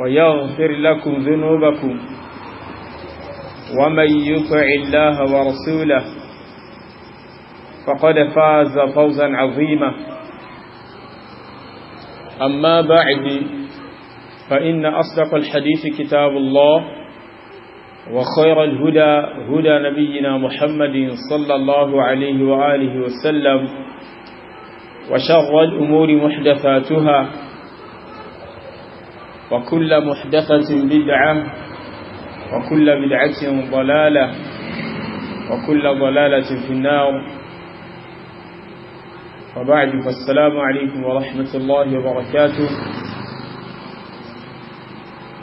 ويغفر لكم ذنوبكم ومن يطع الله ورسوله فقد فاز فوزا عظيما أما بعد فإن أصدق الحديث كتاب الله وخير الهدى هدى نبينا محمد صلى الله عليه وآله وسلم وشر الأمور محدثاتها وكل محدثة بدعة وكل بدعة ضلالة وكل ضلالة في النار وبعد فالسلام عليكم ورحمة الله وبركاته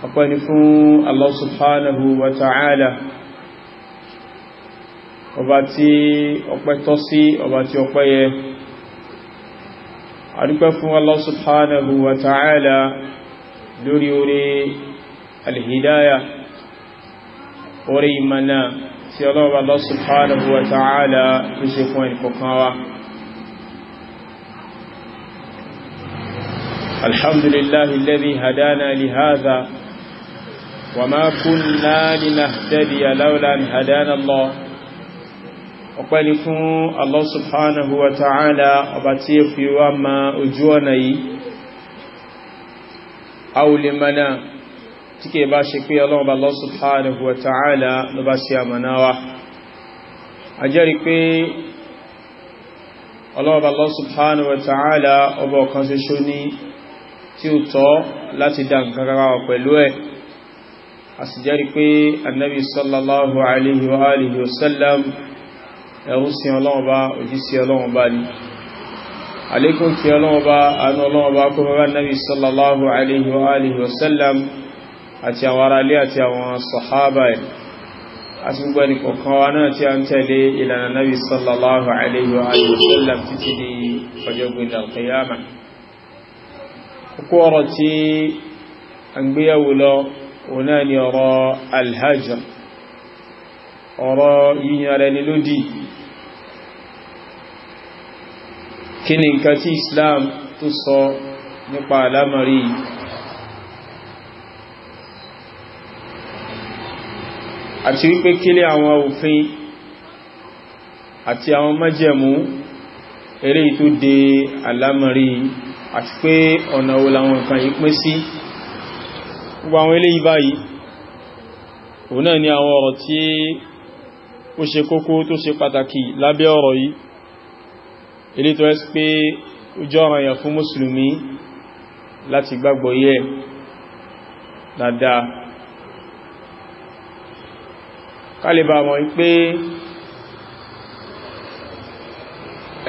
أقنفوا الله سبحانه وتعالى ọba tí ọpẹ́ tọ́ sí ọba tí ọpẹ́ yẹ a dúpẹ́ fún Allah subhanahu wa lórí orí alhidaya orí ìmànà tí ọlọ́wọ́ Allah subhanahu wa ta'ala tó ṣe fún ẹnìkọ̀kan wa alhamdulillahi alladhi hadana li hadha wa ma kunna linahtadiya lawla an hadana Allah ọpẹ́ ni fún Allah ọba tí ó fi wá ma ojú ọ̀nà yìí àwòlè mana tí kẹ bá ṣe pé ọlọ́run bá Allah subhanahu wa ta'ala ló bá ṣe àmànáwá a jẹ́rìí pé ọlọ́run bá Allah subhanahu wa ta'ala ọba ọ̀kan ṣoṣo ní tí ó tọ́ láti dá nǹkan rárá àlékún kí ọlọ́ọba anú ọlọ́ọba kó bá nábi sallallahu alaihi wa alihi wasallam àti àwọn aráalé àti àwọn sọ̀hábà ẹ̀ àti gbogbo ẹni kọ̀kan wa náà tí a ń tẹ̀lé ìlànà nábi sallallahu alaihi wa alihi wasallam títí di ọjọ́ gbogbo kí nǹkan tí Islam tó sọ nípa alámọ̀rí àti wípé kí ni àwọn òfin àti àwọn májẹ̀mú eré tó de alámọ̀rí àti pé ọ̀nà wo làwọn nǹkan yìí pín sí gbogbo àwọn ilé ìbáyìí òun náà ni àwọn ọ̀rọ̀ tí ó ṣe kókó tó ṣe pàtàkì lábẹ́ ọ̀rọ̀ yìí ilé tó ẹ́sì pé ojú ọ̀ràn yà fún mùsùlùmí láti gbàgbọ́ yẹ dáadáa kálíbà mọ̀ pé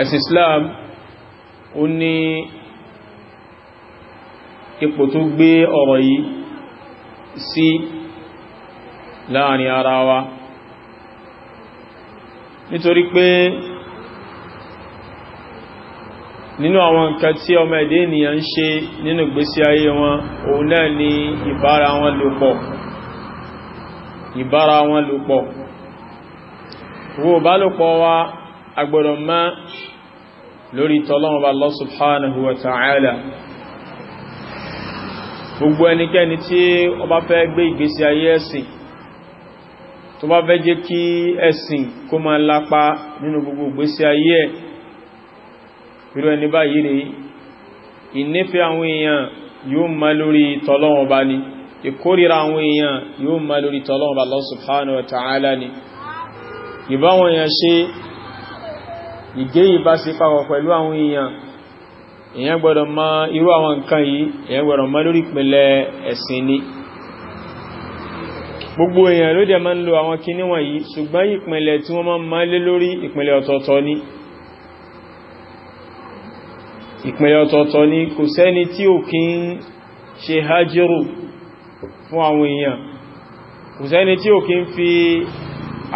ẹ̀sìn Islam ó ní ipò tó gbé ọ̀rọ̀ yìí sí láàrin ara wa nítorí pé nínú àwọn nǹkan tí ọmọ ẹ̀dẹ́ ènìyàn ń ṣe nínú ìgbésí ayé wọn òun náà ni ìbára wọn lòpọ̀ ìbára wọn lòpọ̀ wo bá lòpọ̀ wa agbọ́dọ̀ má lórí tọ́lọ́wọ́ Allah subhanahu wa ta'ala gbogbo ẹnikẹ́ni tí ó bá fẹ́ gbé ìgbésí ayé ẹ̀sìn tó bá fẹ́ jẹ́ kí ẹ̀sìn kó máa irú ẹni báyìí ni ìnífẹ́ àwọn èèyàn yóò ma lórí tọ́lọ́wọ́n bá ní ìkórìíra àwọn èèyàn yóò ma lórí tọ́lọ́wọ́n bá Allah subhanahu wa ta'ala ni ìbáwọn èèyàn ṣe ìgé ìbá sí papọ̀ pẹ̀lú àwọn èèyàn èèyàn gbọ́dọ̀ ma irú àwọn nǹkan yìí èèyàn gbọ́dọ̀ ma lórí ìpìnlẹ̀ ẹ̀sìn ni gbogbo èèyàn ló dẹ̀ ma ń ìpínlẹ̀ ọ̀tọ̀ọ̀tọ̀ ni kò sẹ́ni tí ò kí ń ṣe hajjírù fún àwọn èèyàn kò sẹ́ni tí ò kí ń fi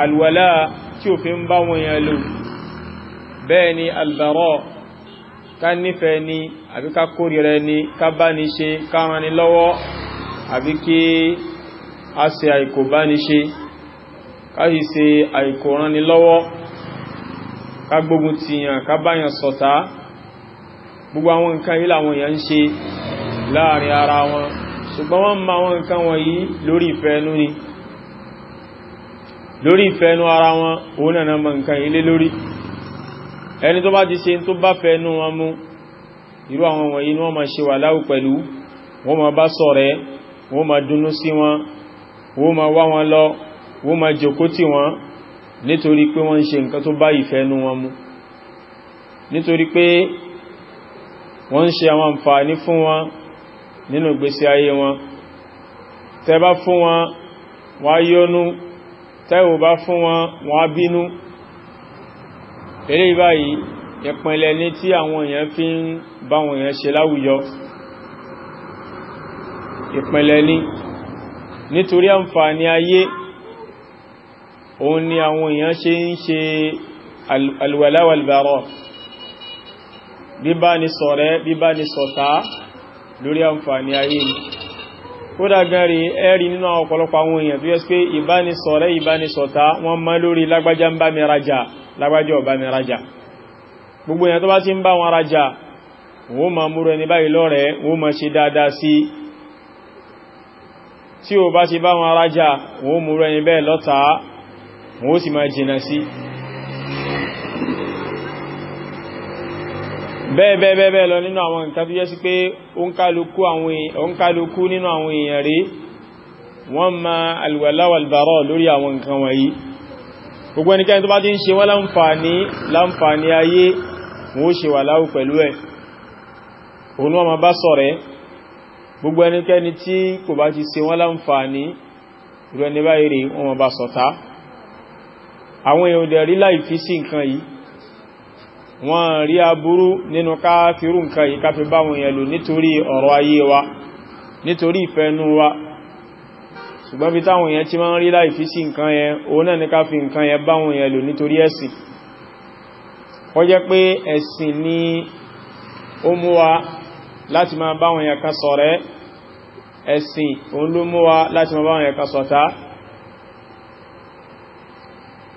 alwala tí ò fi ń bá wọn èèyàn lò bẹ́ẹ̀ ni albaro ká nífẹ̀ẹ́ ni àbí ká kórìíra ni ká bá ní ṣe ká ni lọ́wọ́ àbí kí a ṣe àìkò bá ní ṣe ká ṣe àìkò ran ni lọ́wọ́ ká gbógun tìyàn ká báyàn ṣọ̀tá gbogbo àwọn nǹkan yìí làwọn èèyàn ń ṣe láàrin ara wọn ṣùgbọ́n wọ́n ma wọn nǹkan wọ̀nyí lórí ìfẹ́ẹnú ni lórí ìfẹ́ẹnú ara wọn òun náà ma nǹkan ilé lórí ẹni tó bá ti ṣe tó bá fẹ́ẹnú wọn mú irú àwọn wọ̀nyí ni wọ́n ma ṣe wà láwù pẹ̀lú wọ́n ma bá ṣọ̀rẹ́ wọ́n ma dúnú sí wọn wọ́n ma wá wọn lọ wọ́n ma jòkó tì wọn nítorí pé wọ́n ń ṣe nǹkan tó bá ìfẹ́ẹnú wọn mú nítorí pé wọ́n ń ṣe àwọn àǹfààní fún wọn nínú ìgbésí ayé wọn tẹ́ bá fún wọn wọ́n á yọ́nú tẹ́ ò bá fún wọn wọ́n á bínú eré báyìí ìpínlẹ̀ ní tí àwọn èèyàn fi ń bá wọn èèyàn ṣe láwùjọ ìpínlẹ̀ ní nítorí àǹfààní ayé òun ni àwọn èèyàn ṣe ń ṣe alwàláwàlbàrọ̀ al bíbá ni ṣọ̀rẹ́ bíbá ni ṣọ̀tá lórí àǹfààní ayé ni kódà gan rí ẹ̀rí nínú àwọn ọ̀pọ̀lọpọ̀ àwọn èèyàn tó yẹ pé ìbánisọ̀rẹ́ ìbánisọ̀tá wọ́n má lórí lágbájá ń bá mi rajà lágbájá ò bá mi rajà gbogbo èèyàn tó bá bẹ́ẹ̀ bẹ́ẹ̀ bẹ́ẹ̀ bẹ́ẹ̀ lọ nínú àwọn nǹkan tó jẹ́ sí pé òǹkálukú nínú àwọn èèyàn rí wọ́n ma alwàláwàlbàrọ̀ lórí àwọn nǹkan wọ̀nyí gbogbo ẹnikẹ́ni tó bá ti ń ṣe wọ́n láǹfààní láǹfààní ayé wọ́n ṣe wà láwù pẹ̀lú ẹ̀ òun wọ́n ma bá sọ̀rẹ́ wọ́n rí aburú nínú káfirú nǹkan yìí káfí bá wọn yẹ̀lú nítorí ọ̀rọ̀ ayé wa nítorí ìfẹ́nú wa ṣùgbọ́n bí táwọn yẹn ti máa ń rí láì fi sí nǹkan yẹn òun náà ní káfí nǹkan yẹn bá wọn yẹ̀lú nítorí ẹ̀sìn ó jẹ́ pé ẹ̀sìn ni ó mú wa láti máa bá wọn yẹn kan ṣọ̀rẹ́ ẹ̀sìn òun ló mú wa láti máa bá wọn yẹn kan ṣọ̀tá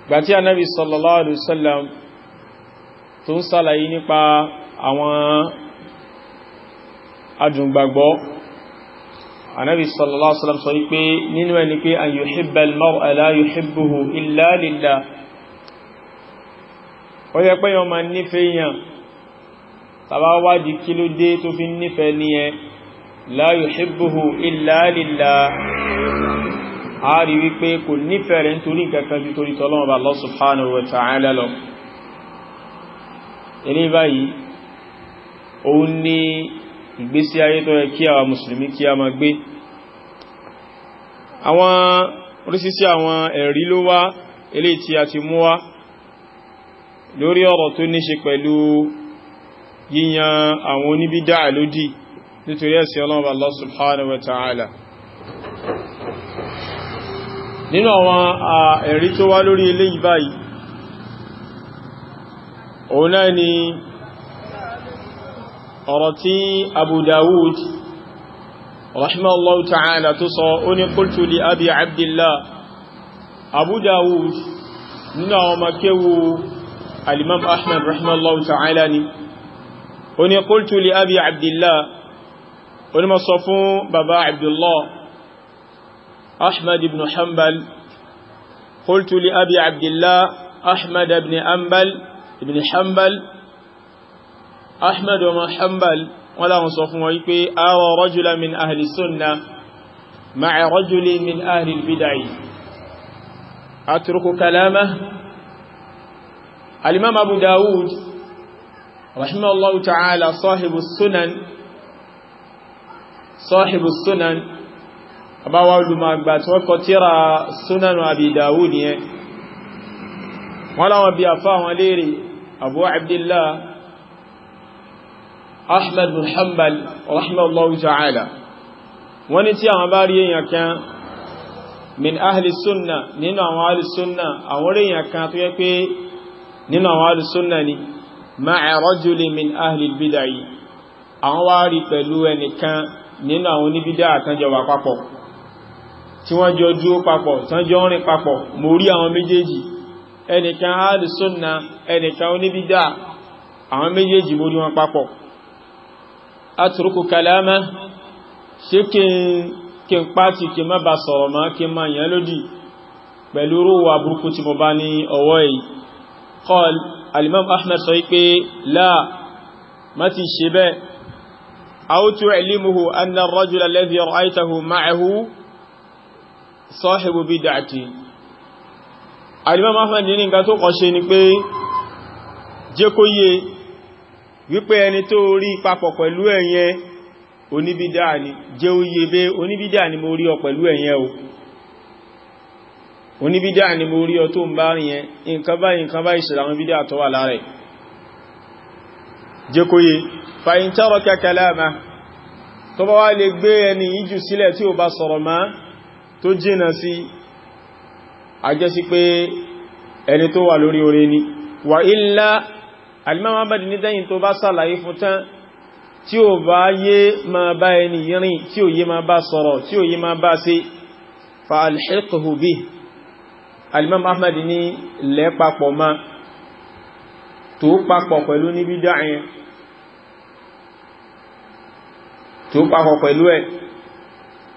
gbàtí anábì sallallahu alaihi wasallam tó ń sàlàyé nípa àwọn ajùngbàgbọ́ anábi sallallahu alaihi wasallam sọ wípé nínú ẹni pé an yuhibba al-mar'a la yuhibbuhu illa lillah ó yẹ pé yọ ma nífẹ́ èèyàn tàbá wádìí kí ló dé tó fi nífẹ́ ní ẹ la yuhibbuhu illa lillah a rí wípé kò nífẹ́ rẹ̀ nítorí kankan ju torí tọ́lọ́mọba Allah subhanahu wa ta'ala ilé báyìí òun ní ìgbésí ayé tó yẹ kí àwa mùsùlùmí kí a máa gbé àwọn oríṣiríṣi àwọn ẹ̀rí ló wá ilé tí a ti mú wá lórí ọ̀rọ̀ tó ní ṣe pẹ̀lú yíyan àwọn oníbídá lódì nítorí ẹ̀sìn ọlọ́run Allah subhanahu wa ta'ala nínú àwọn ẹ̀rí tó wá lórí ilé yìí báyìí òun náà ni ọ̀rọ̀ tí abu dawud rahimahullahu ta'ala tó sọ ó ní qultu li abi abdillah abu dawud nínú àwọn makewu alimam ahmed rahimahullahu ta'ala ni ó ní qultu li abi abdillah ó ní ma sọ fún baba abdullah ahmed ibn hanbal qultu li abi abdillah ahmed ibn hanbal ibn hanbal ahmed ọmọ hanbal wọ́n láwọn sọ fún wọn wípé awọ rọ́júlá min ahìlì súnna ma'a rọ́júlé min ahìlì bídáyì atruku kalama alimam abu dawud rahimahullahu ta'ala sahibu sunan sahibu sunan àbáwá olùmọ̀gbà tí wọ́n kọ tíra sunan abi dawud yẹn wọ́n láwọn bí àfá àwọn léèrè abu abdullah ahmed bin hanbal rahimahullahu ta'ala wọ́n ní tí àwọn bá rí èèyàn kan min ahli sunna nínú àwọn ahli sunna àwọn rí èèyàn kan tó yẹ pé nínú àwọn ahli sunna ni ma'a rajulin min ahli bid'ah àwọn wá rí pẹ̀lú ẹnìkan nínú àwọn oníbídá àtànjọ wà papọ̀ tí wọ́n jọ dúró papọ̀ tán jọ rìn papọ̀ mo rí àwọn méjèèjì ẹnìkan alìsúnna ẹnìkan oníbídá àwọn méjèèjì mórí wọn papọ̀ atùrùkù kalama ṣe kí n pàtí kí má bá sọ̀rọ̀ má kí má yẹn lódì pẹ̀lú rúwà burúkú tí mo bá ní ọwọ́ yìí qal alimam ahmed sọ صاحب بدعة Al-Imam Ahmad ní nǹkan tó kọ́ ṣe ni pé jẹ́ kó yé wípé ẹni tó rí papọ̀ pẹ̀lú ẹ̀yẹ oníbídà ni jẹ́ oyè bẹ́ oníbídà ni mo rí ọ pẹ̀lú ẹ̀yẹ o oníbídà ni mo rí ọ tó ń bá yẹn nǹkan báyìí nǹkan báyìí ṣe làwọn bá yìí a jẹ́ sí pé ẹni tó wà lórí orí ni wà ilá alimamabadi ní dẹ́yìn tó bá sàlàyé fún tán tí ó bá yé ma bá ẹni yìnrìn tí ó yé ma bá sọ̀rọ̀ tí ó yé ma bá sí fa alhiqhu bi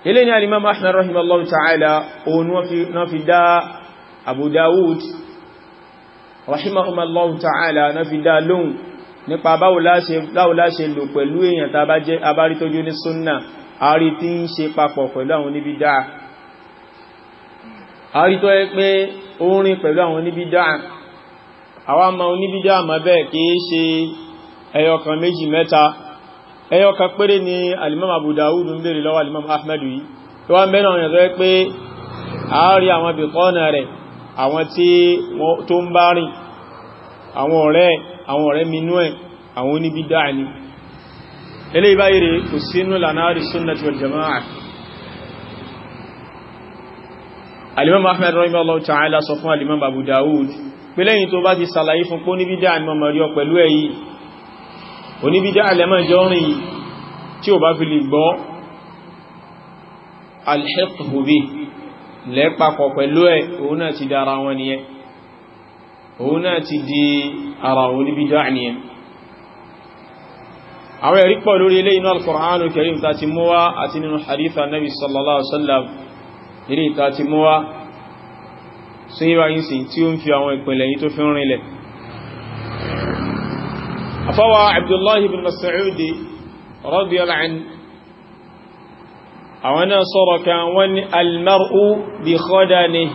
ilé ni alimam ahmed rahimallahu ta'ala òun na fi dá abu dawud rahimallahu ta'ala na fi dá lóhun nípa báwọlá ṣe lò pẹ̀lú èyàn tá bá jẹ́ abárítójú ní súnnà àárí tí ń ṣe papọ̀ pẹ̀lú àwọn níbi dáa àárí tó yẹ pé orin pẹ̀lú àwọn níbi dáa àwọn ọmọ oníbi dáa mọ́ bẹ́ẹ̀ kìí ṣe ẹyọkan méjì mẹ́ta ẹyọ kan péré ni alimam abu dawud ń bèèrè lọ́wọ́ alimam ahmadu yìí tó wá mẹ́rin àwọn ìyàtọ̀ pé àárí àwọn bìkọ́nà rẹ̀ àwọn tí tó ń bá rìn àwọn ọ̀rẹ́ àwọn ọ̀rẹ́ minú ẹ̀ àwọn oníbídá ni ilé ìbáyìí rẹ̀ kò sínú lànàrí sunnati wal jama'a alimam ahmed oníbídá alẹ́mọ́jọ́ rìn tí ó bá fi lè gbọ́ alhẹ́kùnbí lẹ́pàpọ̀ pẹ̀lú ẹ̀ òun náà ti di ara wọn nìyẹn òun náà ti di ara oníbídá nìyẹn àwọn ẹ̀rí pọ̀ lórí ilé inú al-Qur'anul Karim ta ti múwá àti nínú haditha nabi sallallahu alaihi wasallam afọwọ́ abdullahi bin masaudi radiyallahu anhu àwọn náà sọ̀rọ̀ kan wọ́n ní almar'u bi khadani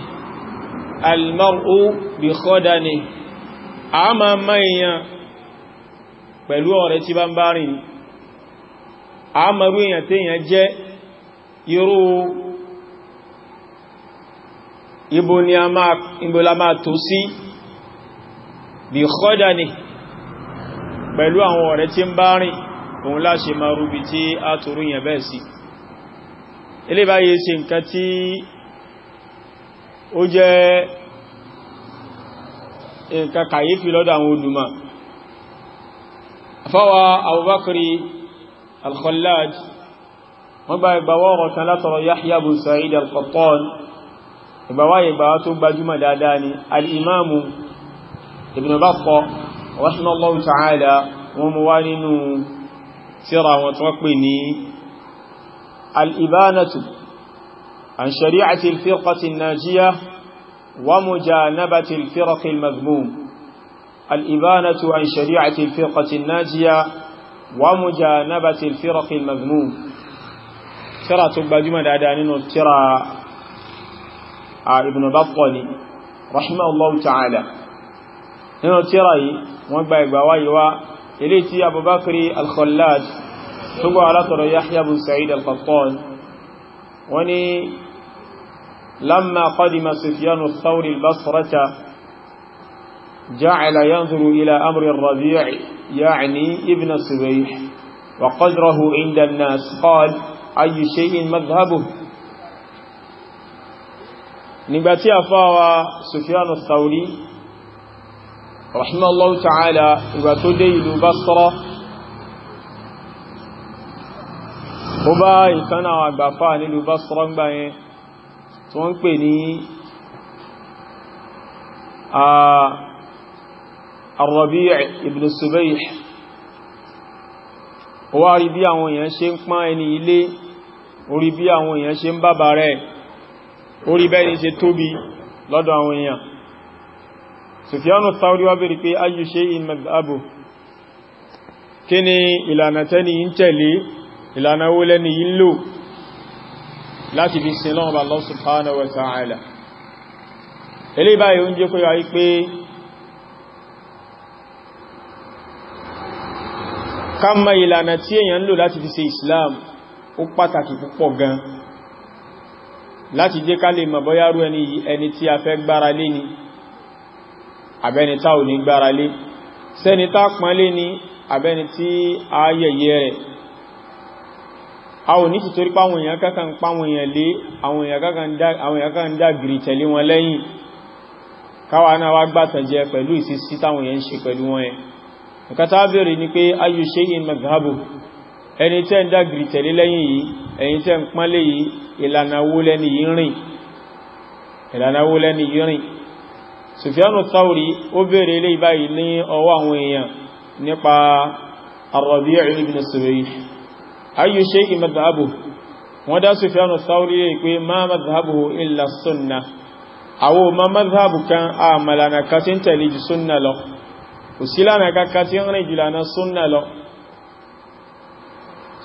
almar'u bi khadani a ma mayan pẹ̀lú ọ̀rẹ́ tí bá ń bá rìn a ma rú èyàn tí èyàn jẹ́ irú ibo ni a máa tó sí bi khadani pẹ̀lú àwọn ọ̀rẹ́ tí ń bá rìn òun láṣe máa rúbi tí a torú yẹn bẹ́ẹ̀ sí ilé báyé ṣe nǹkan tí ó jẹ́ nǹkan kàyéfì lọ́dọ̀ àwọn olùmọ̀ fáwa Abubakri al wọ́n bá ìgbàwọ́ ọ̀rọ̀ kan látọ̀rọ̀ Sa'id al-Qattan ìgbàwá ìgbàwá tó gbajúmọ̀ dáadáa ni al-Imamu Ibn Battah rahimahullahu ta'ala wọ́n mú wá nínú tírà wọn tó pè ní al-ibanatu an shari'ati al-firqati an-najiyah wa mujanabati al-firq al-madhmum al-ibanatu an shari'ati al-firqati an-najiyah wa mujanabati al-firq al-madhmum tírà tó gbajúmọ̀ dáadáa nínú tírà a ibn Battah rahimahullahu ta'ala nínú tírà yìí wọ́n gba ìgbà wáyé wá ilé tí abubakari al-khallad tó gbọ́ alátọ̀rọ̀ yahya bin sa'id al-qattan wani lamma qadima sufyan al-thawri al-basrata ja'ala yanzuru ila amri ar-rabi' ya'ni ibn subayh wa qadrahu inda an-nas qala shay'in madhhabuhu nígbàtí àfáwà sufyan al rahimahullahu ta'ala ìgbà tó dé ìlú Basra ó bá ìkánà àgbàfà nílùú Basra ń gbà yẹn tí wọ́n ń pè ní Ar-Rabi' ibn Subayh ó wá rí bí àwọn èèyàn ṣe ń pán ẹni ilé orí bí àwọn èèyàn ṣe ń bàbà rẹ̀ orí bẹ́ni ṣe tóbi lọ́dọ̀ àwọn èèyàn Sufyanu Thawri wá bèèrè pé ayyu shay'in madhhabu kí ni ìlànà tẹ́ni yí ń tẹ̀lé ìlànà wo lẹ́ni yí ń lò láti fi sin lọ́wọ́ Allah subhanahu wa ta'ala ilé báyìí oúnjẹ kó yá wípé ká mọ̀ ìlànà tí èyàn ń fi ṣe Islam ó pàtàkì púpọ̀ gan láti jẹ́ ká lè mọ̀ bóyá ẹni tí a fẹ́ gbára lé ni àbẹ́ni tá ò ní gbára lé sẹ́ni tá pọ́nlé ni àbẹ́ni tí a yẹ̀yẹ́ rẹ̀ a ò ní tìtorí páwọn èèyàn kankan páwọn èèyàn lé àwọn èèyàn kankan dágìrì tẹ̀lé wọn lẹ́yìn káwà náà wá gbátànjẹ pẹ̀lú ìsìsí táwọn èèyàn ṣe pẹ̀lú wọn ẹ̀ nǹkan tá bèèrè ni pé ayò ṣe in maghabu ẹni tẹ́ ń dágìrì tẹ̀lé lẹ́yìn yìí ẹ̀yin ìlànà wo lẹ́ni yìí rìn Sufyanu Thawri ó bèèrè ilé ìbáyìí ní ọwọ́ àwọn èèyàn nípa Ar-Rabi' ibn Suwayh ayyu shay'in madhhabu wọ́n dá Sufyanu Thawri lè pé ma madhhabuhu illa sunnah àwọ ma madhhabu kan a malana ka tí ń tẹ̀lé jù súnnà lọ kò sí lánà kaka tí ń rìn jù lánà súnnà lọ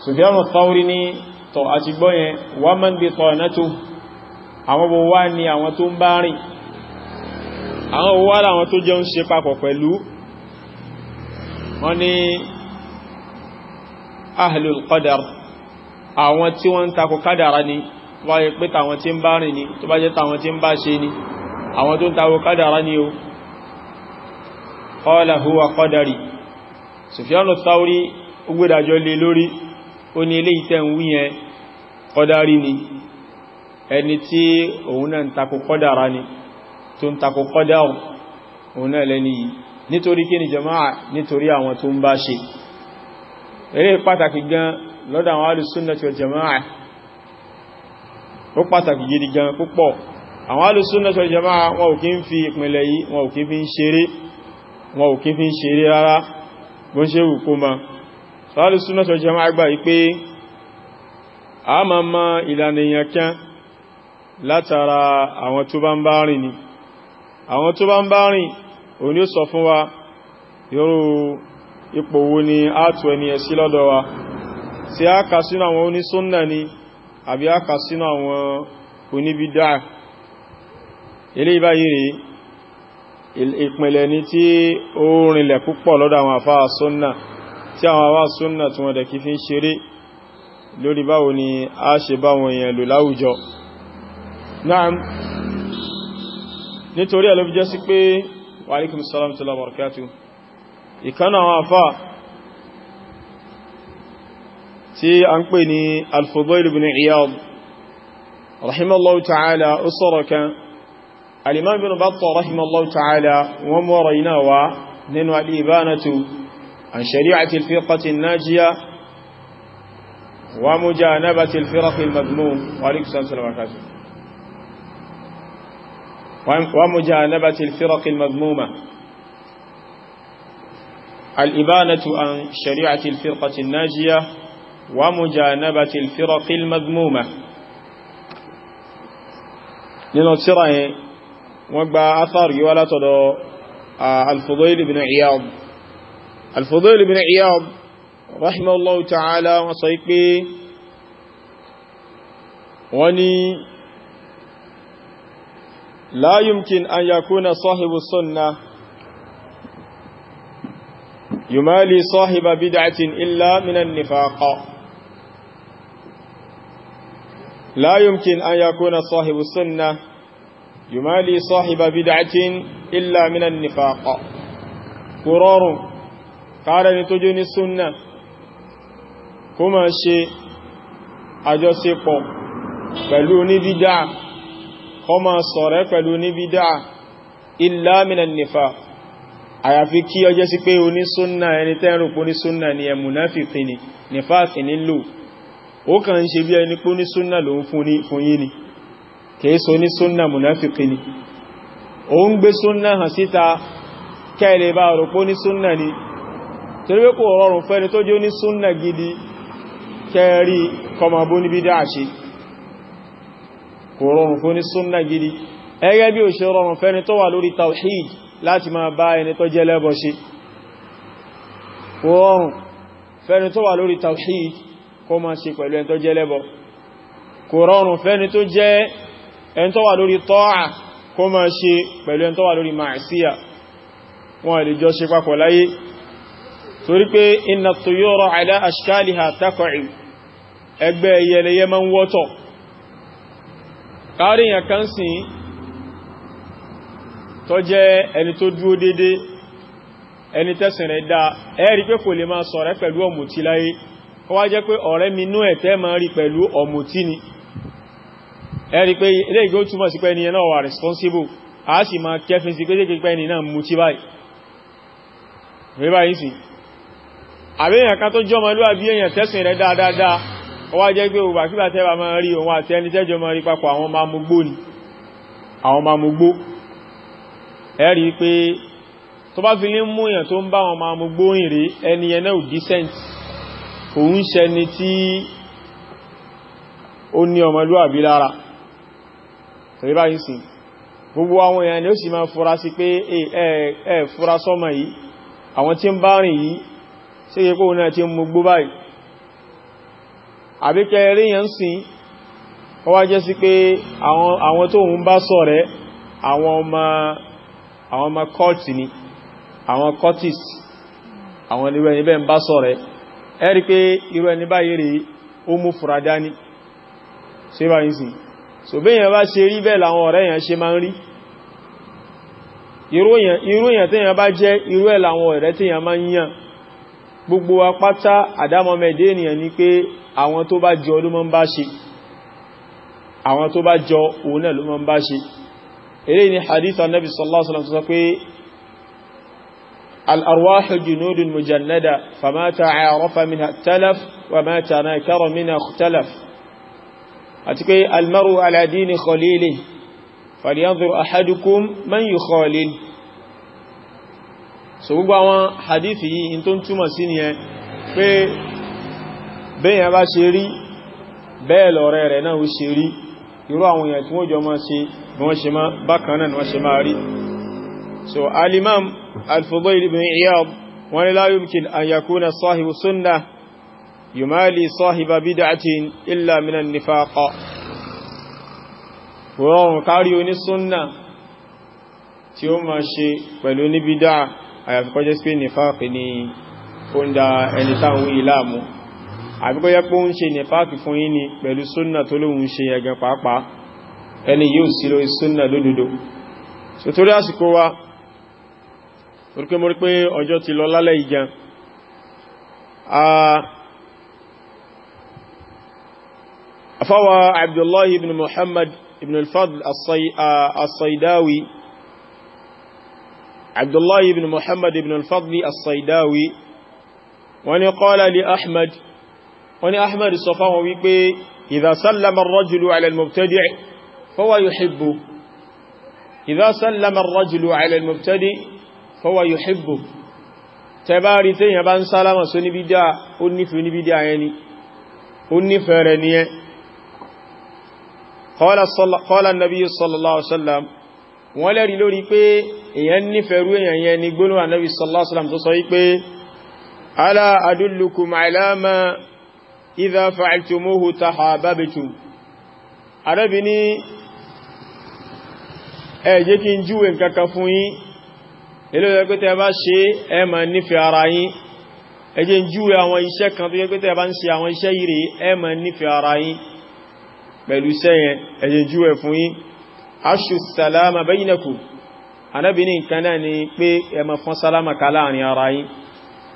Sufyanu Thawri ní tọ̀ gbọ́yẹn wọ́n mọ́ bí tọ̀ àwọn bó wá àwọn tó ń bá rìn àwọn owó aláwọn tó jẹun ṣe papọ̀ pẹ̀lú wọ́n ní ahlul qadar àwọn tí wọ́n ń takò kádàrá ni wọ́n yẹ pé tàwọn tí ń bá rìn ni tó bá jẹ́ tàwọn tí ń bá ṣe ni àwọn tó ń takò kádàrá ni o qala huwa qadari Sufyanu Thawri ogbèdàjọ́ lé lórí ó ní ilé ìtẹ́ wíyẹn qadari ni ẹni tí òun náà takò kádàrá ni tó ń takò kọ́dá òun náà nítorí kí ni jama'a nítorí àwọn tó ń bá ṣe eré pàtàkì gan lọ́dọ̀ àwọn alùsúnnàtì wal jama'a ó pàtàkì gidi gan púpọ̀ àwọn alùsúnnàtì wal jama'a wọn ò kí ń fi ìpìnlẹ̀ yìí wọn ò kí fi ń látara àwọn tó bá ń bá rìn ni àwọn tó bá ń bá rìn òní ó sọ fún wa yóò ipò wo ni a tù ẹni ẹ̀ lọ́dọ̀ wa tí a kà sínú àwọn onísúnnà ni àbí a kà sínú àwọn oníbídá ilé ìbáyìí rí ìpìnlẹ̀ ni tí ó rinlẹ̀ púpọ̀ lọ́dọ̀ àwọn àfáà súnnà tí àwọn àwá súnnà tí wọ́n dẹ̀ kí fi ń ṣeré lórí báwo ni a ṣe báwọn èèyàn lò láwùjọ náà nítorí ẹ̀lọ́bí jẹ́ sí pé wa ní kìí alaikum salam tula barakatu ìkánà àwọn àfá tí a ń pè alfogbo al-Fudayl ibn rahimallahu ta'ala ó sọ̀rọ̀ kan alimabinu imam ibn rahimallahu ta'ala wọ́n mọ́rọ̀ iná wa nínú an shari'ati al-firqati an-najiya wa mujanabati ومجانبة الفرق المذمومة الإبانة عن شريعة الفرقة الناجية ومجانبة الفرق المذمومة لنصره وقبع أثر يولا آه، الفضيل بن عياض الفضيل بن عياض رحمه الله تعالى وصيقي وني لا يمكن أن يكون صاحب السنة يمالي صاحب بدعة إلا من النفاق لا يمكن أن يكون صاحب السنة يمالي صاحب بدعة إلا من النفاق قرار قال نتجني السنة كما شيء أجسق بلوني بدعة kọ ma sọ̀rẹ́ pẹ̀lú ní bídá illa minan nifaq àyàfi kí ó jẹ́ sí pé onísúnnà ẹni tẹ́rù pé ni ẹ mùnáfìkì ni nífàkì nílò ó kàn ń ṣe bí ẹni pé onísúnnà ló ń fún yí ni kìí so onísúnnà mùnáfìkì ni ó ń gbé súnnà gidi kẹ́rí kọmọ bó níbi dáa ṣe kò rọrùn fún ní súnnà gidi ẹgẹ́ bí ò ṣe rọrùn fẹ́ni tó wà lórí tawhid láti máa bá ẹni tó jẹ́ lẹ́bọ ṣe kò rọrùn fẹ́ni tó wà lórí tawhid kó máa ṣe pẹ̀lú ẹni tó jẹ́ lẹ́bọ kò rọrùn fẹ́ni tó jẹ́ ẹni tó wà lórí tọ́à kó máa ṣe pẹ̀lú ẹni tó wà lórí màásíyà wọn lè jọ ṣe papọ̀ láyé torí pé inna tuyura ala ashkaliha taqa'i ẹgbẹ́ ẹyẹlẹyẹ máa ń wọ́tọ̀ káríyàn kan sìn tó jẹ́ ẹni tó dúró dédé ẹni tẹ́sìn rẹ̀ dáa ẹ̀rí pé kò lè máa ṣọ̀rẹ́ pẹ̀lú ọ̀mùtí láyé ó wá jẹ́ pé ọ̀rẹ́ mi ẹ̀tẹ́ máa rí pẹ̀lú ọ̀mùtí ni ẹ̀rí pé ilé ìgbó túnmọ̀ sí pé ẹni náà wà responsible a sì máa ọwá jẹ́ pé ògbà kígbà tẹ́bà máa rí òun àti ẹni tẹ́jọ máa rí papọ̀ àwọn máa mú gbó ni àwọn máa mú gbó ẹ̀rí pé tó bá fi lé mú èèyàn tó ń bá wọn máa mú gbó ìrè ẹni yẹn náà decent òun ṣẹni tí ó ní ọmọlúwàbí lára gbogbo àwọn èèyàn ni ó sì máa fura sí pé ẹ fura sọ́mọ yìí àwọn tí ń bá rìn yìí ṣe yẹ òun náà ti ń mú gbó báyìí àbíkẹ́ eré yẹn sìn ó wá jẹ́ sí pé àwọn tó ń bá ṣọ̀rẹ́ àwọn ọmọ kọ́ọ̀tì ni àwọn kọ́tìs àwọn irú ẹni bẹ́ẹ̀ ń bá ṣọ̀rẹ́ ẹ rí pé irú ẹni báyìí rí ó mú fura dání ṣe bá yìí sí so bí èyàn bá ṣe rí bẹ́ẹ̀ làwọn ọ̀rẹ́ èyàn ṣe máa ń rí irú èyàn tí èyàn bá jẹ́ irú ẹ̀ làwọn ọ̀rẹ́ tí èyàn máa ń yàn gbogbo apáta àdámọ́mẹ́dé ènìyàn ni pé àwọn tó bá jọ ló mọ́ ń bá ṣe àwọn tó bá jọ òun náà ló mọ́ ń bá ṣe eré ni hadith annabi sallallahu alaihi wasallam sọ pé al'arwáhù junudun so gbogbo àwọn hadithi yìí in tó ń túmọ̀ sí ni ẹ pé bẹ́yàn bá ṣe rí bẹ́ẹ̀ lọ̀rẹ́ rẹ̀ náà ó ṣe rí irú àwọn èèyàn tí wọ́n jọ máa ṣe bí wọ́n ṣe máa bákan náà wọ́n ṣe máa rí so alimam al wọ́n kárí oní súnnà tí ó máa ṣe pẹ̀lú ní bídáà àyàfi kó jẹ́ pé nífàákì ni ó ń da ẹni táwọn ìlàmù àbíkọ́ pé ó ń ṣe nífàákì fún yín ni pẹ̀lú súnnà tó lóhun ṣe ẹ̀gẹ̀ pàápàá ẹni yóò sí lórí súnnà lódodo so torí àsìkò wa orúkẹ́ mọ́rí pé ọjọ́ ti lọ lálẹ́ Abdullahi ibn Muhammad ibn al-Fadl as-Saydawi as abdullahi ibn muhammad ibn al-fadli as-saidawi wọ́n ní qala li ahmad wọ́n ní ahmad sọ fáwọn wípé idha sallama ar-rajulu ala al-mubtadi' fawa yuhibbu idha sallama ar-rajulu ala al-mubtadi' fawa yuhibbu tẹbárí tí èyàn bá ń sálámà sí oníbídá ó nífẹ́ oníbídá ẹni ó nífẹ́ rẹ̀ ní ẹ èyàn nífẹ̀ẹ́rú èyàn yẹn ni gbónú ànábì sallallahu alaihi wasallam tó sọ wípé ala adullukum ala ma idha fa'altumuhu tahababtum ànábì ní ẹ jẹ́ kí n júwe nǹkankan fún yín ilé ọjọ́ pé tẹ́ bá ṣe ẹ ma nífẹ̀ẹ́ ara yín ẹ jẹ́ n júwe àwọn iṣẹ́ kan tó yẹ pé bá ń ṣe àwọn iṣẹ́ yìí rèé ẹ ara yín pẹ̀lú iṣẹ́ yẹn ẹ fún yín ashu salama bainakum anábìnrin nǹkan náà ni pé ẹmọ fún sálámà ká láàrin ara yín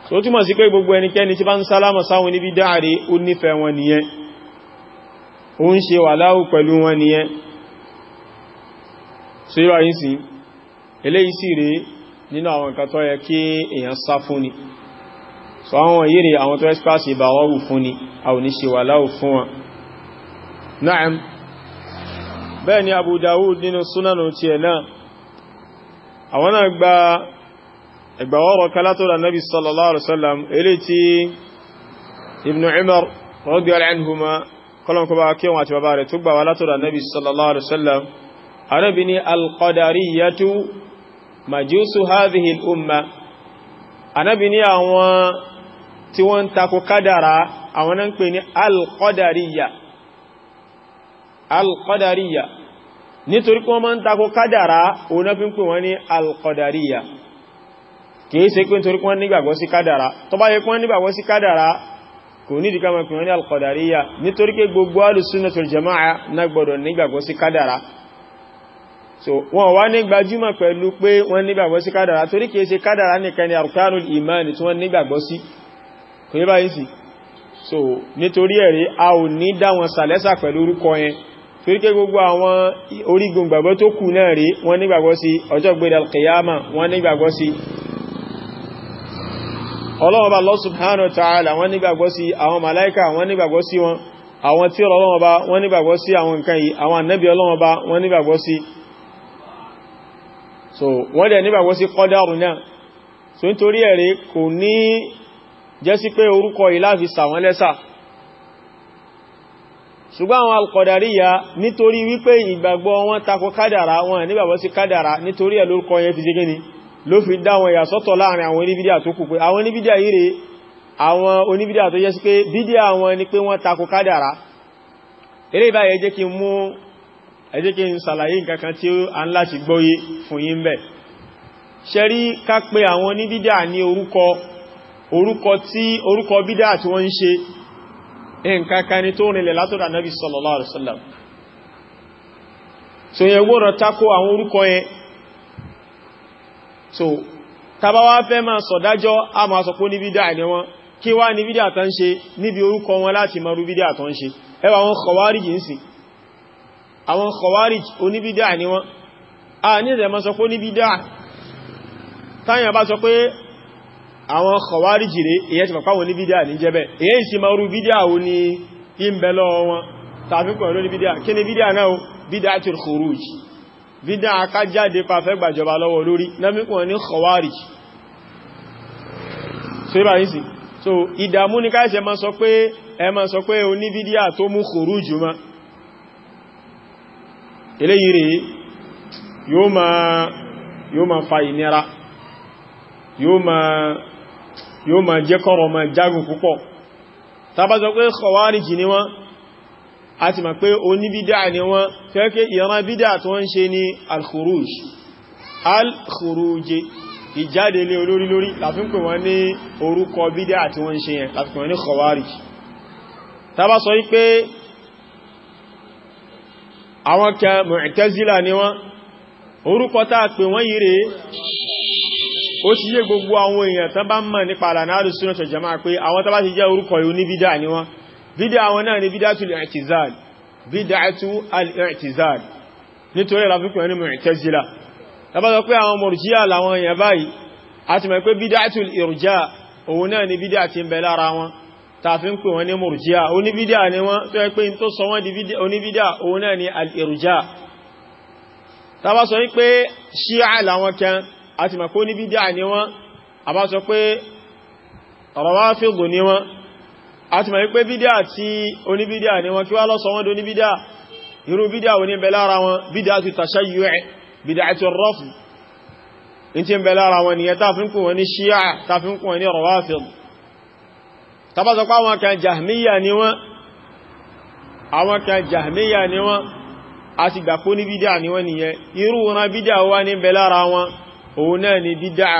so túmọ̀ sí pé gbogbo ẹnikẹ́ni tí bá ń sálámà sáwọn níbi dáàrí ó nífẹ̀ẹ́ wọn nìyẹn ó ń ṣe wà láhù pẹ̀lú wọn nìyẹn ni so àwọn yìí rí àwọn tó yẹ spáṣì a ò ní ṣe wà láhù fún wọn bẹ́ẹ̀ ni Abu Dawud nínú súnánù tiẹ̀ náà àwọn náà gba ẹgbàwọ́rọ̀ kalátọ́lá nabi sallallahu alaihi wasallam ilé tí ibn umar radiyallahu anhuma kọlọ̀kọba kíwọn àti bàbá rẹ̀ tó gbà wà látọ́lá nabi sallallahu alaihi wasallam arabi ni alqadariyatu majusu hadhihi al-umma anabi ni àwọn tí wọ́n tako kádàrá àwọn náà ń pè ní alqadariya alqadariya nítorí kí wọ́n máa ń takò kádàrá òun fi ń pè wọ́n ní alkọ̀dàríyà kìí ṣe pé nítorí kí wọ́n nígbàgbọ́ sí kádàrá tó bá yẹ kí wọ́n nígbàgbọ́ sí kádàrá kò ní ìdíkà pè wọ́n ní alkọ̀dàríyà nítorí pé gbogbo alùsúnnatul so wọ́n wá ní gbajúmọ̀ pẹ̀lú pé wọ́n nígbàgbọ́ sí kádàrá torí kìí imani tí wọ́n nígbàgbọ́ sí so nítorí ẹ̀rí a ò ní dá wọn sàlẹ́sà pẹ̀lú orúkọ torí pé gbogbo àwọn orígun gbàgbọ́ tó kù náà rí wọ́n nígbàgbọ́ sí ọjọ́ gbẹ̀dẹ̀ alkiyama wọ́n nígbàgbọ́ sí Ọlọ́run Ọba Allah subhanahu wa ta'ala wọ́n nígbàgbọ́ sí àwọn màláíkà wọ́n nígbàgbọ́ sí wọn àwọn tí Ọlọ́run Ọba wọ́n nígbàgbọ́ sí àwọn so wọ́n dẹ̀ nígbàgbọ́ sí kọ́dárù so nítorí ẹ̀rí kò ní jẹ́ sí pé orúkọ yìí láfi ṣùgbọ́n àwọn alkọ̀dàríyà nítorí wípé ìgbàgbọ́ wọn takò kádàrà wọn nígbàgbọ́ sí kádàrà nítorí ẹ̀ lórúkọ yẹn fi jẹ́gẹ́ ni ló fi dá wọn ìyàsọ́tọ̀ láàrin àwọn oníbídíà tó kù pé àwọn oníbídíà yìí àwọn oníbídíà tó yẹ sí pé bídíà wọn ni pé wọ́n takò kádàrà eré ìbáyẹ jẹ́ kí mú ẹ jẹ́ kí n ṣàlàyé nǹkan kan tí a ń láti gbọ́yé fún yín bẹ̀ ṣẹ́rí ká pé nǹkan kan ni tó rìnlẹ̀ látọ̀dọ̀ Nabi sallallahu alaihi wasallam so yẹn gbọ́dọ̀ tako àwọn orúkọ yẹn so tàbá wá fẹ́ máa sọ̀dájọ́ a máa sọ pé ni bídá ní wọn kí wá ní bídá tán ṣe níbi orúkọ wọn láti marú bídá tán ṣe ẹwà àwọn kọwárìjì ń sì àwọn kọwárìjì oníbídá ní wọn a ní ìrẹ̀mọ́ sọ pé ní bídá táyà bá sọ pé àwọn kọwàríjì rẹ̀ èyẹ́ ti pàpáwọn ní bídíà ní jẹ́bẹ̀ èyẹ́ ìsì ma rú bídíà wo ni ìmbẹ̀lọ wọn tàbí pẹ̀lú ní bídíà kí ni bídíà náà bídíà ti khuruj bídíà ká jáde pàfẹ́ gbàjọba lọ́wọ́ lórí so ibà yìí sí so ìdàmú ní káìsẹ̀ ma sọ pé ẹ ma sọ pé o ní yóò ma fa ìnira yóò ma yóò máa jẹ́ kọ́rọ̀ máa jágùn púpọ̀ tá bá sọ pé khawarij ni wọ́n a ti mọ̀ pé oníbídà ni wọ́n fẹ́kẹ́ ìran bídà tó ń ṣe ní al-khuruj al-khuruj ìjáde lé olórí lórí láti pè wọ́n ní orúkọ bídà tí wọ́n ṣe yẹn láti wọ́n ní khawarij ó ti yé gbogbo àwọn èèyàn tán bá mọ̀ nípa àlànà àrùsùn ọ̀tọ̀ jama pé àwọn tán bá ti jẹ́ orúkọ yìí ní bídá ni wọ́n bídá àwọn náà ni bídá tún al-i'tizal bídá tún al-i'tizal nítorí ìràfikún ẹni mu'tazila tàbátọ̀ pé àwọn murji'a làwọn èèyàn báyìí a ti mọ̀ pé bídá tún irja òun náà ni bídá sọ yí pé ṣíà làwọn kan a ti mọ̀ pé ní bídíà ni wọ́n a bá sọ pé Rawāfiḍ ni wọ́n a ti mọ̀ pé bídíà tí oníbídíà ni wọ́n kí wá ló sọ wọ́n di oníbídíà irú bídíà wo ni ń bẹ lára wọn bídíàtu tashayyu' bídíàtu rafd in ti ń bẹ lára wọn nìyẹn tàfínkù wọn ní Shia tàfínkù wọn ní ni wọ́n ni wọ́n a sì gbà wọ́n ní ń wọn òun náà ni bídá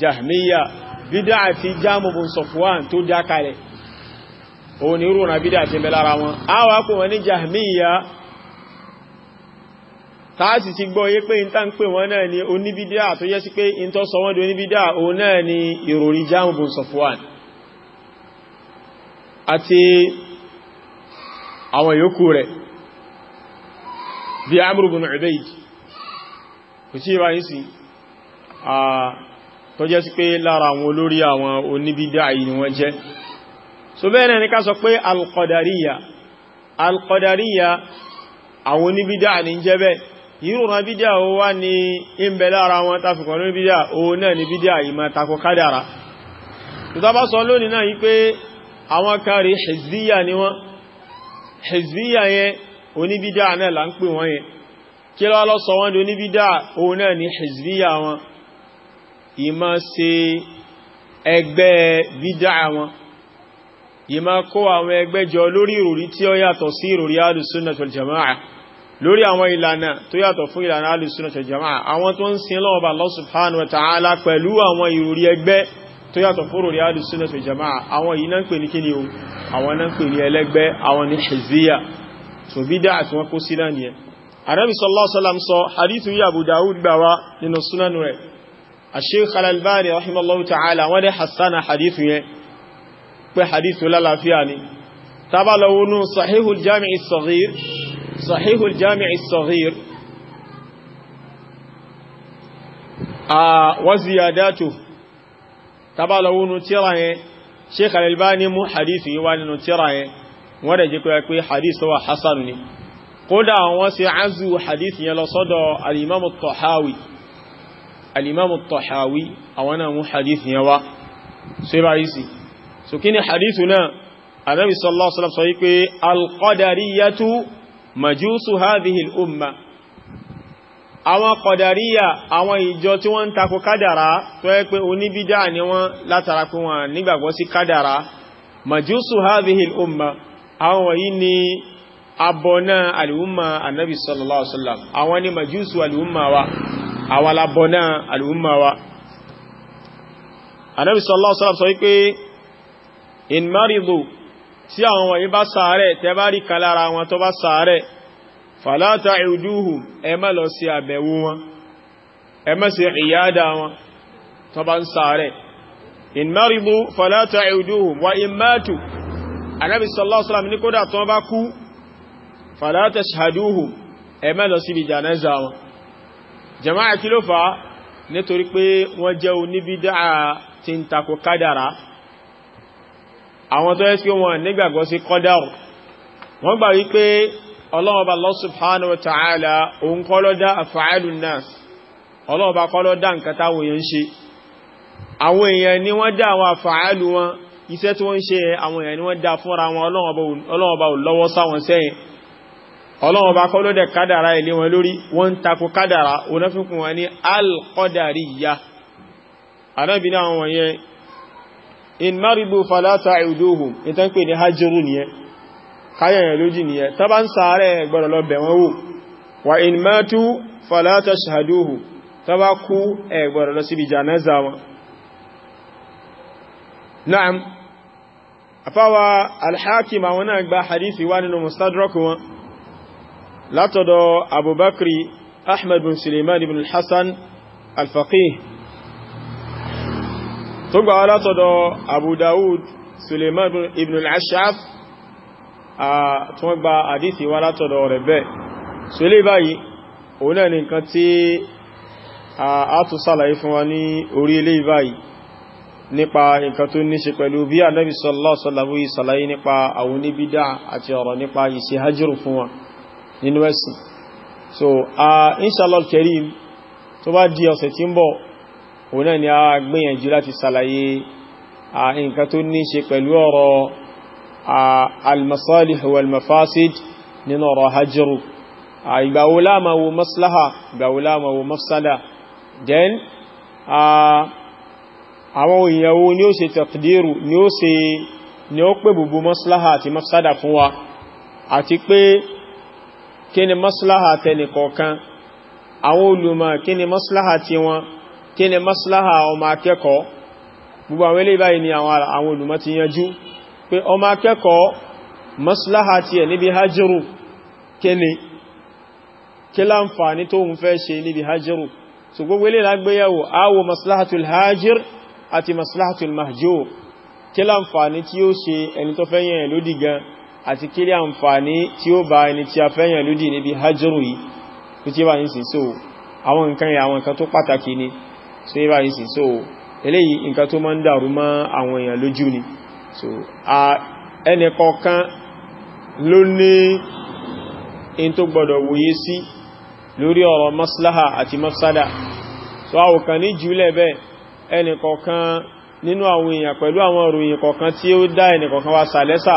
jahmiya bídá àti jámùbùn sọfúwàn tó dákalẹ̀ òun ni rúrùn àbídá àti mẹ́lára wọn a wá kò wọ́n ní jahmiya tààsì ti gbọ́ yé pé in tá ń pè wọ́n náà ni oníbídá tó yẹ sí pé in tó sọ wọ́n òun náà ni ìròrí jámùbùn sọfúwàn àti àwọn yòókù rẹ̀ bí amúrùbùn ubayd kò sí ìwà ní sí tó jẹ́ sí pé lára àwọn olórí àwọn oníbídá yìí ni wọ́n jẹ́ so bẹ́ẹ̀ ní ká sọ pé alkọ̀dàríyà alkọ̀dàríyà àwọn oníbídá ní jẹ́ bẹ́ẹ̀ ìrùnà bídá ó wá ní ìbẹ̀ lára wọn tafikọ̀ lórí bídá ó náà ní bídá yìí ma takọ kádàrà tó tábá sọ lónìí ni wọ́n hizbíyà yẹn oníbídá kí lọ lọ sọ wọ́n di oníbídà òun náà ni hizbiya wọn ìmá ṣe ẹgbẹ́ bídà wọn ìmá kó àwọn ẹgbẹ́ jọ lórí ìròrí tí ó yàtọ̀ sí ìròrí alùsùnà wal jama'a lórí àwọn ìlànà tó yàtọ̀ fún ìlànà alùsùnà wal jama'a àwọn tó ń sin lọ́wọ́ Allah subhanahu wa ta'ala pẹ̀lú àwọn ìròrí Ànábì sallallahu alaihi wasallam sọ hadithu yìí Abu Dawud gbà wá nínú súnánù rẹ̀ Sheikh Al-Albani rahimahullahu ta'ala wọ́n dẹ̀ hassana hadithu yẹn pé hadithu lálàáfíà ni tàbá lọ́wọ́nú sahihul jami'i saghir sahihul jami'i saghir a wa ziyadatu tàbá lọ́wọ́nú tíra yẹn Sheikh Al-Albani mú hadithu yìí wá nínú tíra yẹn wọ́n dẹ̀ jẹ́ kódà wọ́n ṣe azu hadith yẹn lọ sọ́dọ̀ alimamu tọ̀háwì alimamu tọ̀háwì àwọn náà mú hadith yẹn wá ṣe bá rí sí so kí ni hadithu náà anábi sallallahu alaihi wasallam sọ wípé alqadariyatu majusu hadhihi al'umma àwọn qadariya àwọn ìjọ tí tó yẹ pé oníbídá àwọn wọ̀nyí ni abọ̀nà al'umma annabi sallallahu alaihi wasallam àwọn ni majusu al'umma wa àwọn labọ̀nà al'umma wa annabi sallallahu alaihi wasallam sọ wípé in maridu tí àwọn wọ̀nyí bá ṣàárẹ̀ tẹ́ bá rí kalára wọn tó bá ṣàárẹ̀ falata iduhu ẹ má lọ sí àbẹ̀wò wọn ẹ má sí ìyádà wọn tó bá ń ṣàárẹ̀ in maridu falata iduhu wa in matu annabi sallallahu ní kódà tó bá kú fala tashhaduhum ẹ má lọ síbi janaza wọn jama'a kí ló fà nítorí pé wọ́n jẹ́ oníbídáà tí ń takò kádàrá àwọn tó yẹ́ sí wọn nígbàgbọ́ sí kọ́dàrù wọ́n gbà wípé Ọlọ́run Ọba Allah subhanahu wa ta'ala òun kọ́ ló dá af'alun nas iṣẹ́ tí wọ́n ń ṣe àwọn èèyàn wọ́n dá fúnra wọn Ọlọ́run Ọba sáwọn sẹ́yìn ọlọ́run bá kọ́ ló dẹ̀ kádàrá ilé wọn lórí wọ́n ń takò kádàrá onáfíkún wọn ní alkọ́dàríyà anábìnà àwọn wọ̀nyẹn in maribu falata iduhum ìtàn pè ní hajjiru nìyẹn káyẹ̀yẹ̀ lójí nìyẹn tàbá ń sàárẹ̀ gbọ́rọ̀ lọ bẹ̀ wọ́n wò wà in matu falata látọ̀dọ̀ abubakri ahmed bin suleiman ibn hassan alfaqih tó gbà wá látọ̀dọ̀ abu dawud suleiman ibn al-ashaf tó wọ́n gba àdísì wá látọ̀dọ̀ rẹ̀ bẹ́ so lè báyìí òun náà ni nǹkan tí a tó sàlàyé fún wa ní orí ilé báyìí nípa nǹkan tó ní ṣe pẹ̀lú bí Ànábì sallallahu alaihi wasallam nípa àwọn oníbídà àti ọ̀rọ̀ nípa ìṣe fún wa nínú ẹ̀sìn so inshallah kerim tó bá di ọ̀sẹ̀ tí ń bọ̀ òun náà ni a gbìyànjú láti ṣàlàyé nǹkan tó ní ṣe pẹ̀lú ọ̀rọ̀ al-masalih wal-mafasid nínú ọ̀rọ̀ hajjiru ìgbàwó láàmà maslaha ìgbàwó láàmà wo mafsada then àwọn ìyàwó ni ó ṣe taqdiru ni ó ṣe ni ó pè maslaha àti mafsada fún wa àti pé kí ni maslaha tẹni kọ̀ọ̀kan àwọn olùmọ̀ kí ni maslaha ti wọn kí ni maslaha ọmọ akẹ́kọ̀ọ́ gbogbo àwọn ilé báyìí ni àwọn olùmọ̀ ti yanjú pé ọmọ akẹ́kọ̀ọ́ maslaha ti ẹ̀ níbi hajjiru kí ni kí láǹfààní tó ń fẹ́ ṣe níbi hajjiru so gbogbo ilé lágbéyàwó àti kí lè àǹfààní tí ó bá ẹni tí a fẹ́yàn lódì níbi hajjúrù yìí tó tí bá ní sí so àwọn nǹkan yìí àwọn nǹkan tó pàtàkì ni so yìí bá ní sí so eléyìí nǹkan tó máa ń dàrú mọ́ àwọn èèyàn lójú ni so a ẹnì kọ̀ọ̀kan ló ní in tó gbọdọ̀ wòye sí lórí ọ̀rọ̀ maslaha àti mafsada so a ò kàn ní jùlẹ̀ bẹ́ẹ̀ ẹnì kọ̀ọ̀kan nínú àwọn èèyàn pẹ̀lú àwọn ìròyìn kọ̀ọ̀kan tí ó dá ẹnì kọ̀ọ̀kan wa sàlẹ́sà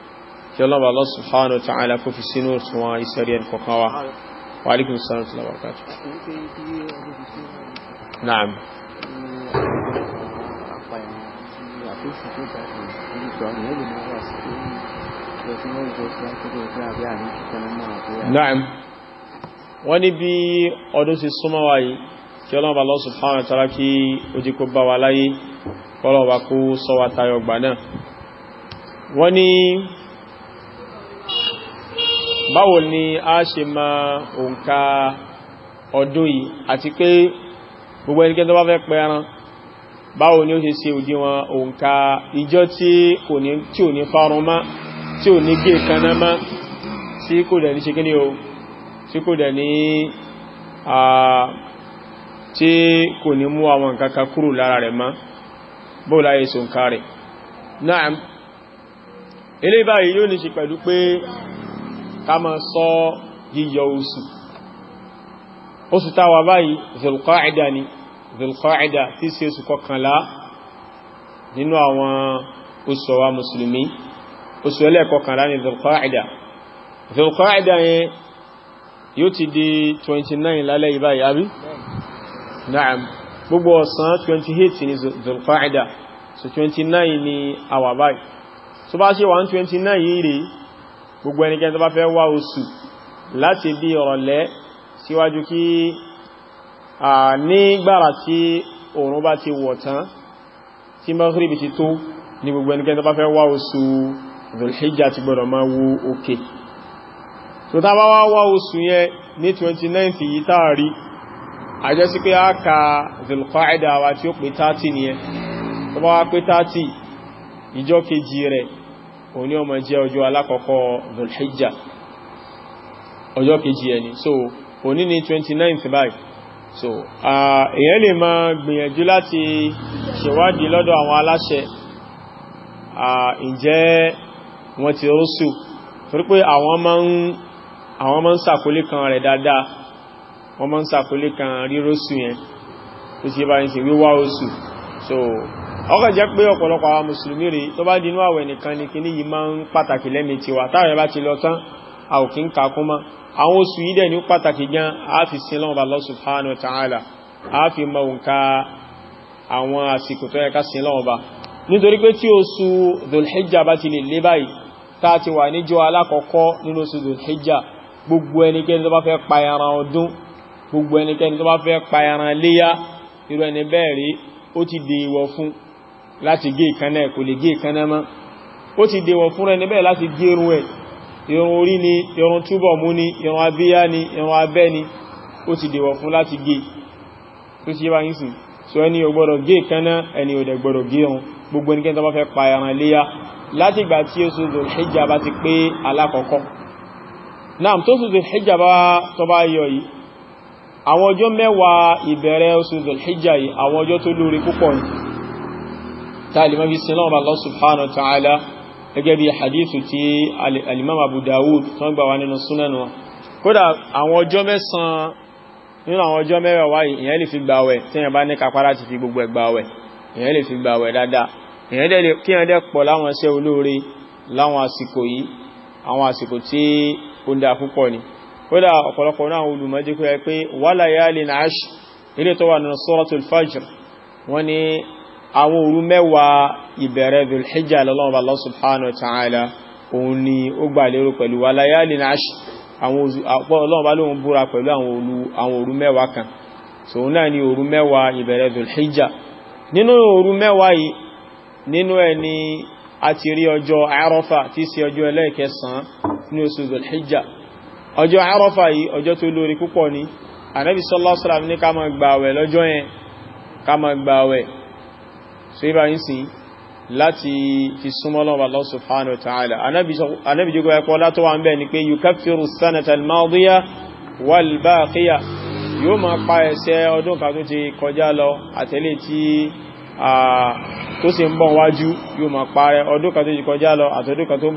kí ọlọ́run Allah subhanahu wa ta'ala kó fi sínú òṣùwọ̀n ìṣẹ́rí ẹni kọ̀ọ̀kan wa wa alaikum salaam wa rahmatullahi wa barakatuh naam Naam. Wọ́n ní bí ọdún ti súnmọ́ wa yìí, kí ọlọ́run Allah subhanahu wa kí ó bá wa láyé, kọ́lọ̀ wa sọ wa tayọ gbà náà. Wọ́n ní báwo ni a ṣe ma òǹkà ọdún yìí àti pé gbogbo ẹnikẹ́ tó bá fẹ́ pẹ ẹran báwo ni ó ṣe ṣe òdiwọ̀n òǹkà ìjọ tí ò ní fárun má tí ò ní gé kaná má tí kò dẹ̀ ní ṣe kí ni o tí kò dẹ̀ ní tí kò ní mú àwọn nǹkan kúrò lára rẹ̀ má bóò láyé ṣe òǹkà rẹ̀ náà ilé báyìí yóò ní ṣe pẹ̀lú pé ká máa sọ yíyọ oṣù oṣù táwà báyìí zulqa'ida ni zulqa'ida tí ṣe oṣù kọkànlá nínú àwọn oṣù ọwà mùsùlùmí oṣù ẹlẹ́ẹ̀kọkànlá ni zulqa'ida zulqa'ida yẹn yóò ti di 29 lálẹ́ ìbáyìí àbí na'am gbogbo ọ̀sán 28 ni zulqa'ida so 29 ni àwà báyìí tó bá ṣe 129 gbogbo ẹnikẹ́ni tó bá fẹ́ wá oṣù láti bí ọ̀rọ̀lẹ́ síwájú kí a nígbàrà tí oòrùn bá ti wọ̀ tán tí maghrib ti tó ní gbogbo ẹnikẹ́ni tó bá fẹ́ wá oṣù zulhijjá ti gbọ́dọ̀ máa wo òkè tó tá bá wá oṣù kejì rẹ̀ òní ọmọ jẹ́ ọjọ́ alákọ̀ọ́kọ́ zulhijjá ọjọ́ kejì ẹni so òní ni 29th báyìí so èyàn lè máa gbìyànjú láti ṣèwádìí lọ́dọ̀ àwọn aláṣẹ ǹjẹ́ wọ́n ti rọ́sù torí pé àwọn máa ń sàkólé kan rẹ̀ dáadáa wọ́n máa ń sàkólé kan rírọ́sù yẹn tó sì bá ń sì wíwá oṣù so ọkọ̀ jẹ́ pé ọ̀pọ̀lọpọ̀ àwọn mùsùlùmí rí tó bá dínú àwẹ̀ nìkan ni kìíní yìí máa ń pàtàkì lẹ́mìí tiwa táwẹ̀ bá ti lọ tán a ò àwọn oṣù yìí dẹ̀ ní pàtàkì gan a fi Allah subhanahu wa ta'ala a fi mọ òǹkà àwọn àsìkò tó yẹ ká sin lọ́wọ́ bá nítorí pé tí oṣù Dhul-Hijja bá ti lè lé báyìí tá a ti wà ó ti dè fún láti gé ìkánná ẹ̀ kò lè gé ìkánná mọ́ ó ti dèwọ̀ fún rẹ̀ níbẹ̀ láti gé irun ẹ̀ irun orí ni irun túbọ̀ mú ni irun abíyá ni irun abẹ́ ni ó ti dèwọ̀ fún láti gé tó ti yé bá yín sìn so ẹni ò gbọ́dọ̀ gé ìkánná ẹni ò dẹ̀ gbọ́dọ̀ gé irun gbogbo ẹnikẹ́ni tó bá fẹ́ pa ẹran léyá láti àwọn ọjọ́ mẹ́wàá ìbẹ̀rẹ̀ oṣù zulhijja yìí àwọn ọjọ́ tó lórí púpọ̀ yìí tààlìmọ́ bí sin lọ́wọ́ Allah subhanahu wa ta'ala gẹ́gẹ́ bí hadithu ti al-Imam Abu Dawud tó ń gbà wá nínú súnẹ̀nù wọn kódà àwọn ọjọ́ mẹ́sàn-án nínú àwọn ọjọ́ mẹ́wàá wáyìí èèyàn lè fi gbààwẹ̀ tí èèyàn bá ní kápárá ti fi gbogbo ẹ̀ gbààwẹ̀ èèyàn lè fi gbààwẹ̀ dáadáa èèyàn dẹ̀ kí èèyàn dẹ̀ pọ̀ láwọn iṣẹ́ olóore láwọn ni àwọn òru mẹ́wàá ìbẹ̀rẹ̀ Dhul-Hijjah lọ́lọ́wọ́ Allah subhanahu wa ta'ala òun ni ó gbà lérò pẹ̀lú wa layalin ashr àwọn ọlọ́run bá lóun búra pẹ̀lú àwọn òru mẹ́wàá kan so náà ni òru mẹ́wàá ìbẹ̀rẹ̀ Dhul-Hijjah nínú òru mẹ́wàá yìí nínú ẹ̀ ni a ti rí ọjọ́ Àrọ́fà tí sí ọjọ́ ẹlẹ́ẹ̀kẹsàn-án ní oṣù Dhul-Hijjah so ibà ń sin láti fi súnmọ́ lọ́wọ́ Allah subhanahu wa ta'ala anábi jókòó ẹ̀kọ́ látọ́ wà ń bẹ̀ ni pé yukaffiru sanata al-madiya wal baqiya yóò máa pa ẹ̀ṣẹ̀ ọdún kan tó ti kọjá lọ àtẹ́lẹ̀ tí tó sì ń bọ̀ wájú yóò máa parẹ́ ọdún kan tó ti kọjá lọ àtọ́dún kan tó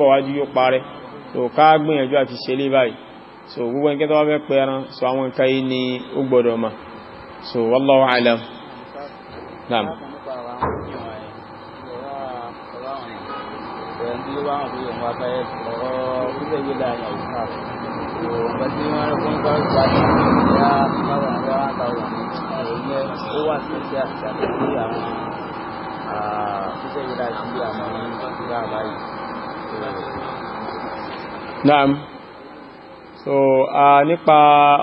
ló bá wọn fún ìwọ̀n afẹ́ ọ̀rọ̀ orílẹ̀ èdè láàrin àyíká ọ̀gbọ́n tí wọ́n rí fún gbọ́dọ̀ gba ní ìyá báwọn àgbà wọn ta wọn àwọn ìyẹn ó wà sí iṣẹ́ àti àtẹ̀lé àwọn orílẹ̀ èdè láàrin bí àwọn ìgbà báyìí. Naam. So, uh, nípa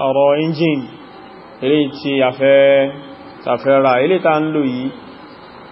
ọ̀rọ̀ engine, eléyìí tí a fẹ́ tàfẹ́ ra, eléyìí tá ń lò yìí,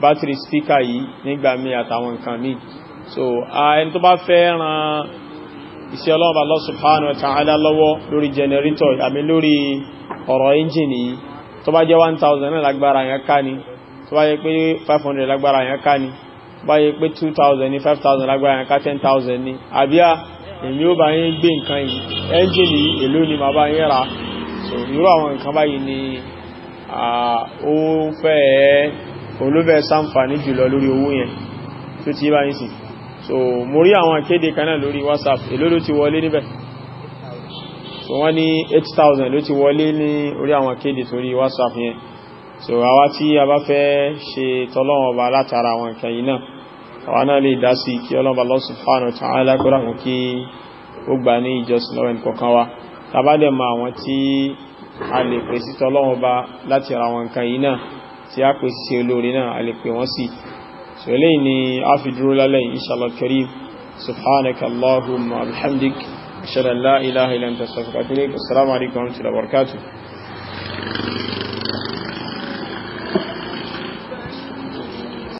bátìrì spíkà yìí nígbà mí àtàwọn nǹkan mí so ẹni tó bá fẹ́ ran iṣẹ́ ọlọ́ọ̀bà Allah subhanahu wa ta'ala lọ́wọ́ lórí generator àmì lórí ọ̀rọ̀ engine yìí tó bá jẹ́ 1000 lágbára yẹn ká ni tó bá yẹ pé 500 lágbára yẹn ká ni tó bá yẹ pé 2000 ní 5000 lágbára yẹn ká 10000 ní àbíà èmi ó bá yín gbé nǹkan yìí engine yìí èló ni màá bá yín rà so irú àwọn nǹkan báyìí ni ó fẹ́ẹ́ olóbẹ̀ sáǹfàní jùlọ lórí owó yẹn tó ti bá yìí sí so mo rí àwọn akéde kan lórí whatsapp èló ló ti wọlé níbẹ̀ so wọ́n ní 8000 ló ti wọlé ní orí àwọn akéde torí whatsapp yẹn so àwa tí a bá fẹ́ ṣe tọ́lọ́wọ̀n ọba látara àwọn nǹkan yìí náà àwa náà lè dá sí kí ọlọ́ba Allah subhanahu wa ta'ala kọ́ràkùn kí ó gbà ní ìjọsìn lọ́wọ́ ẹnìkọ̀ọ̀kan wa tàbádẹ̀ tí a pè sí olórin náà a lè pè wọ́n sí so eléyìí ni a fi dúró lálẹ́ inshallah karim subhanaka allahumma alhamdik ashhadu an la ilaha illa anta assalamu alaikum wa